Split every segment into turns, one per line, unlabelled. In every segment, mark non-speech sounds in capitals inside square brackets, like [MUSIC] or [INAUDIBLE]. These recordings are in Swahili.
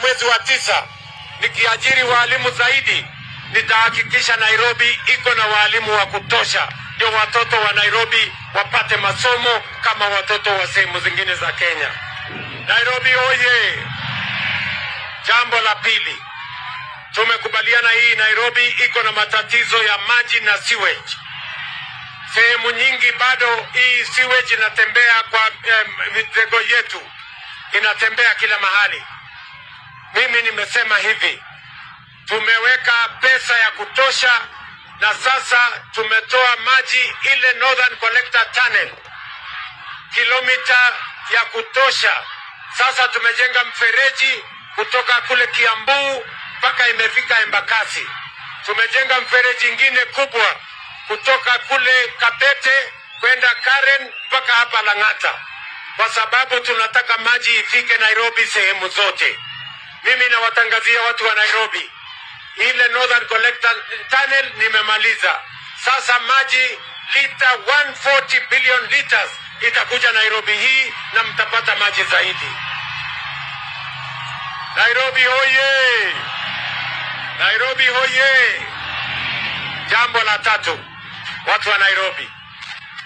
Mwezi wa tisa nikiajiri waalimu zaidi, nitahakikisha Nairobi iko na waalimu wa kutosha, ndio watoto wa Nairobi wapate masomo kama watoto wa sehemu zingine za Kenya. Nairobi oye! Jambo la pili, tumekubaliana hii Nairobi iko na matatizo ya maji na sewage. Sehemu nyingi bado hii sewage inatembea kwa eh, mitego yetu inatembea kila mahali mimi nimesema hivi, tumeweka pesa ya kutosha na sasa tumetoa maji ile Northern Collector Tunnel kilomita ya kutosha. Sasa tumejenga mfereji kutoka kule Kiambu mpaka imefika Embakasi. Tumejenga mfereji ingine kubwa kutoka kule Kabete kwenda Karen mpaka hapa Lang'ata, kwa sababu tunataka maji ifike Nairobi sehemu zote. Mimi nawatangazia watu wa Nairobi, ile Northern Collector Tunnel nimemaliza. Sasa maji lita 140 billion liters itakuja Nairobi hii na mtapata maji zaidi. Nairobi hoye! Nairobi hoye! Jambo la tatu, watu wa Nairobi,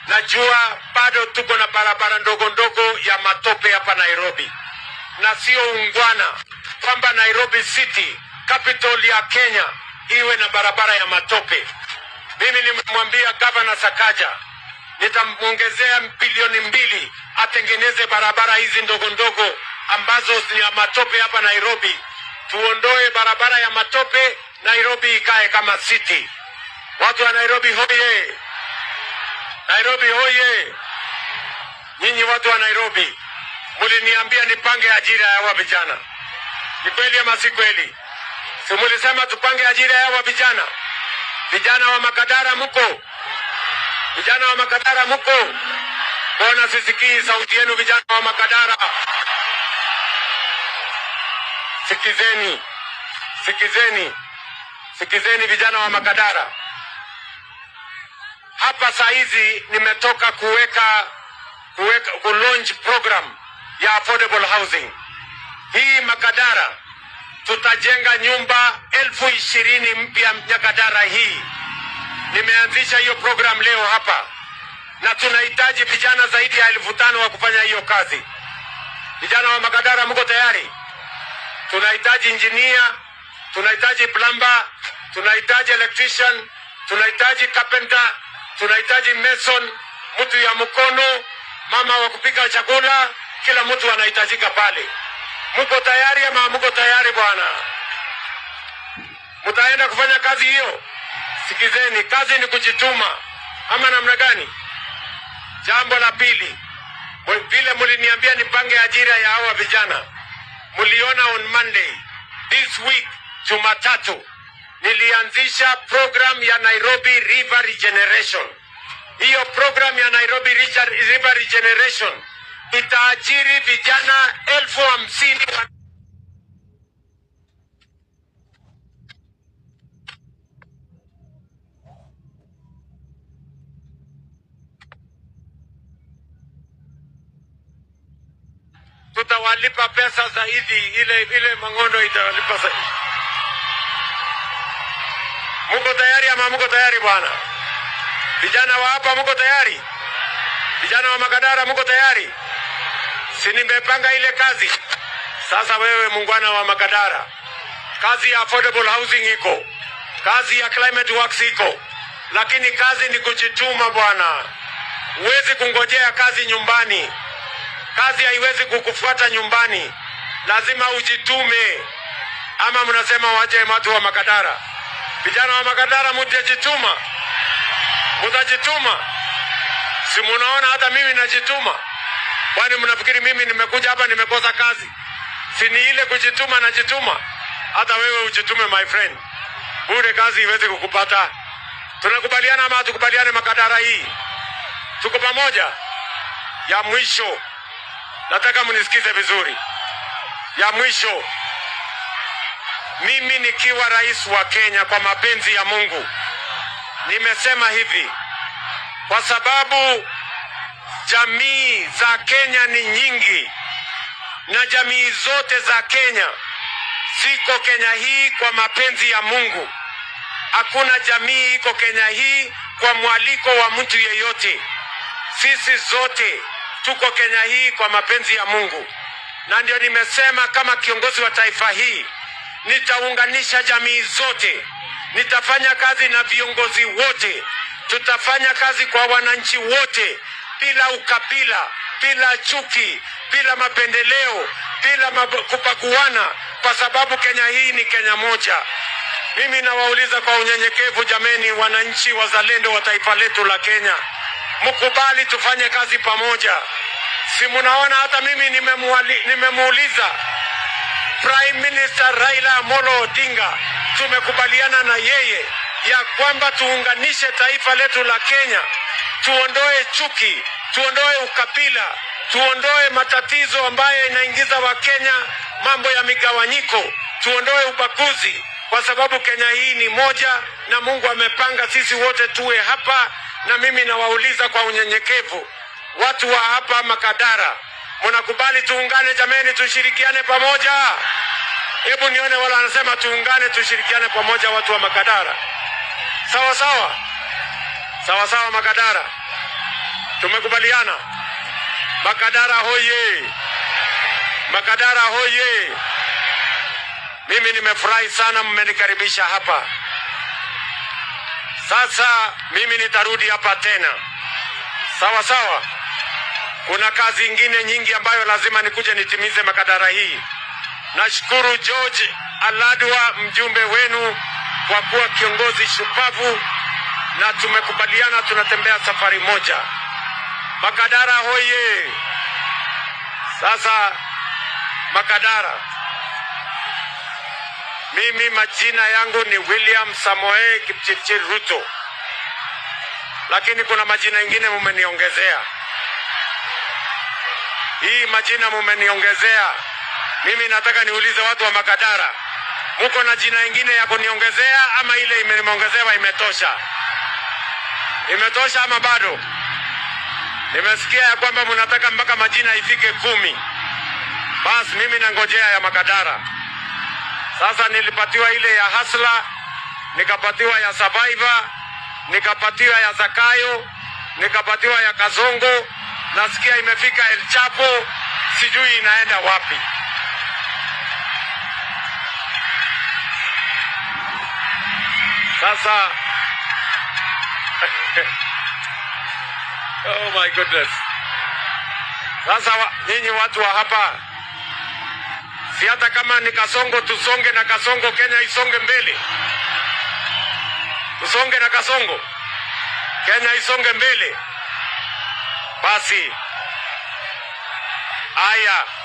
najua bado tuko na barabara ndogo ndogo ya matope hapa Nairobi, na sio ungwana kwamba Nairobi City capital ya Kenya iwe na barabara ya matope. Mimi nimemwambia gavana Sakaja nitamwongezea bilioni mbili atengeneze barabara hizi ndogo ndogo ambazo ni ya matope hapa Nairobi, tuondoe barabara ya matope, Nairobi ikae kama city. Watu wa Nairobi hoye! Nairobi hoye! Nyinyi watu wa Nairobi, muliniambia nipange ajira ya wa vijana. Ni kweli ama si kweli? Si mlisema tupange ajira yawa vijana, vijana wa Makadara mko, vijana wa Makadara mko, mbona sisikii sauti yenu? Vijana wa Makadara, sikizeni, sikizeni, sikizeni vijana wa Makadara. Hapa saa hizi nimetoka kuweka kuweka ku program ya affordable housing hii Makadara tutajenga nyumba elfu ishirini mpya Nyakadara hii. Nimeanzisha hiyo program leo hapa, na tunahitaji vijana zaidi ya elfu tano wa kufanya hiyo kazi. Vijana wa Makadara, mko tayari? Tunahitaji injinia, tunahitaji plumber, tunahitaji electrician, tunahitaji carpenter, tunahitaji mason, mtu ya mkono, mama wa kupika chakula, kila mtu anahitajika pale. Mko tayari ama hamko tayari? Bwana, mtaenda kufanya kazi hiyo? Sikizeni, kazi ni kujituma ama namna gani? Jambo la pili, vile muliniambia nipange ajira ya hawa vijana, muliona on Monday this week, Jumatatu nilianzisha program ya Nairobi River Regeneration. Hiyo program ya Nairobi River Regeneration itaajiri vijana elfu hamsini wa tutawalipa pesa zaidi, ile ile mangondo itawalipa zaidi. Muko tayari ama muko tayari bwana? Vijana wa hapa muko tayari? Vijana wa Makadara muko tayari? si nimepanga ile kazi. Sasa wewe mungwana wa Makadara, kazi ya affordable housing iko, kazi ya climate works iko, lakini kazi ni kujituma bwana. Huwezi kungojea kazi nyumbani, kazi haiwezi kukufuata nyumbani, lazima ujitume. Ama mnasema waje watu wa Makadara, vijana wa Makadara, mutajituma, mutajituma. Si munaona hata mimi najituma. Kwani mnafikiri mimi nimekuja hapa nimekosa kazi? Si ni ile kujituma na jituma. Hata wewe ujitume my friend, bure kazi iweze kukupata. Tunakubaliana ama tukubaliane? Makadara hii tuko pamoja. Ya mwisho nataka mnisikize vizuri. Ya mwisho, mimi nikiwa rais wa Kenya kwa mapenzi ya Mungu nimesema hivi kwa sababu Jamii za Kenya ni nyingi na jamii zote za Kenya ziko Kenya hii kwa mapenzi ya Mungu. Hakuna jamii iko Kenya hii kwa mwaliko wa mtu yeyote. Sisi zote tuko Kenya hii kwa mapenzi ya Mungu, na ndio nimesema kama kiongozi wa taifa hii nitaunganisha jamii zote, nitafanya kazi na viongozi wote, tutafanya kazi kwa wananchi wote bila ukabila, bila chuki, bila mapendeleo, bila kupakuana, kwa sababu Kenya hii ni Kenya moja. Mimi nawauliza kwa unyenyekevu, jameni, wananchi wazalendo wa taifa letu la Kenya, mkubali tufanye kazi pamoja. Si munaona hata mimi nimemuuliza Prime Minister Raila Amolo Odinga, tumekubaliana na yeye ya kwamba tuunganishe taifa letu la Kenya tuondoe chuki, tuondoe ukabila, tuondoe matatizo ambayo inaingiza Wakenya mambo ya migawanyiko, tuondoe ubaguzi, kwa sababu Kenya hii ni moja na Mungu amepanga sisi wote tuwe hapa. Na mimi nawauliza kwa unyenyekevu, watu wa hapa Makadara, mnakubali tuungane? Jameni, tushirikiane pamoja. Hebu nione wala anasema tuungane, tushirikiane pamoja, watu wa Makadara, sawa sawa. Sawa sawa, Makadara, tumekubaliana. Makadara hoye! Makadara hoye! Mimi nimefurahi sana mmenikaribisha hapa. Sasa mimi nitarudi hapa tena, sawa sawa. Kuna kazi ingine nyingi ambayo lazima nikuje nitimize Makadara hii. Nashukuru George Aladwa, mjumbe wenu, kwa kuwa kiongozi shupavu na tumekubaliana tunatembea safari moja. Makadara hoye! Sasa Makadara, mimi majina yangu ni William Samoe Kipchirchir Ruto, lakini kuna majina ingine mumeniongezea. Hii majina mumeniongezea mimi, nataka niulize watu wa Makadara, muko na jina ingine ya kuniongezea ama ile imeniongezea imetosha? Imetosha ama bado? Nimesikia ya kwamba mnataka mpaka majina ifike kumi. Basi mimi nangojea ya Makadara. Sasa nilipatiwa ile ya Hasla, nikapatiwa ya Survivor, nikapatiwa ya Zakayo, nikapatiwa ya Kazongo, nasikia imefika El Chapo, sijui inaenda wapi. Sasa [LAUGHS] oh my goodness. Sasa nyinyi watu wa hapa, si hata kama ni Kasongo tusonge na Kasongo, Kenya isonge mbele, tusonge na Kasongo, Kenya isonge mbele. Basi haya.